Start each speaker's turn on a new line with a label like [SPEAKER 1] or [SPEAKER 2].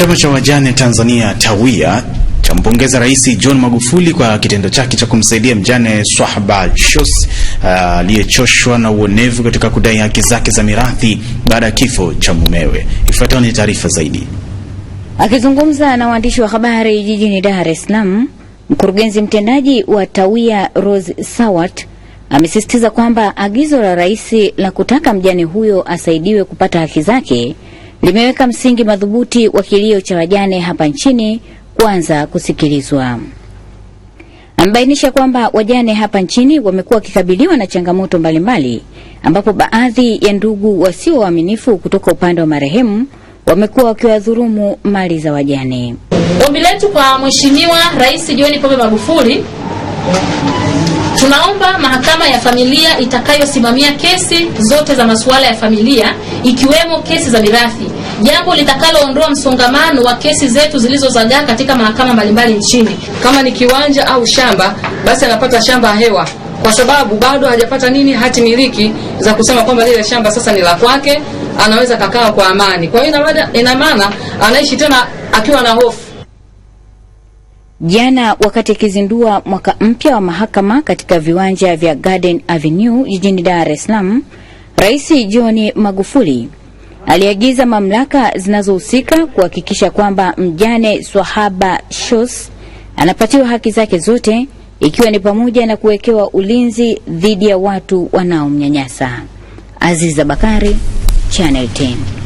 [SPEAKER 1] Chama cha wajane Tanzania TAWIA champongeza Rais John Magufuli kwa kitendo chake cha kumsaidia mjane Swahba shos uh, aliyechoshwa uh, na uonevu katika kudai haki zake za mirathi baada ya kifo cha mumewe. Ifuatayo ni taarifa zaidi.
[SPEAKER 2] Akizungumza na waandishi wa habari jijini Dar es Salaam, mkurugenzi mtendaji wa TAWIA Rose Sawat amesisitiza kwamba agizo la rais la kutaka mjane huyo asaidiwe kupata haki zake limeweka msingi madhubuti wa kilio cha wajane hapa nchini kuanza kusikilizwa. Amebainisha kwamba wajane hapa nchini wamekuwa wakikabiliwa na changamoto mbalimbali, ambapo baadhi ya ndugu wasio waaminifu kutoka upande wa marehemu wamekuwa wakiwadhulumu mali za wajane.
[SPEAKER 3] Ombi letu kwa Mheshimiwa Rais John Pombe Magufuli Tunaomba mahakama ya familia itakayosimamia kesi zote za masuala ya familia ikiwemo kesi za mirathi, jambo litakaloondoa msongamano wa kesi zetu zilizozagaa katika mahakama mbalimbali nchini.
[SPEAKER 4] Kama ni kiwanja au shamba, basi anapata shamba hewa, kwa sababu bado hajapata nini, hati miliki za kusema kwamba lile shamba sasa ni la kwake, anaweza kakaa kwa amani. Kwa hiyo ina maana anaishi tena akiwa na hofu
[SPEAKER 2] Jana wakati akizindua mwaka mpya wa mahakama katika viwanja vya Garden Avenue jijini Dar es Salaam, Rais John Magufuli aliagiza mamlaka zinazohusika kuhakikisha kwamba mjane Swahaba Shos anapatiwa haki zake zote ikiwa ni pamoja na kuwekewa ulinzi dhidi ya watu wanaomnyanyasa. Aziza Bakari, Channel 10.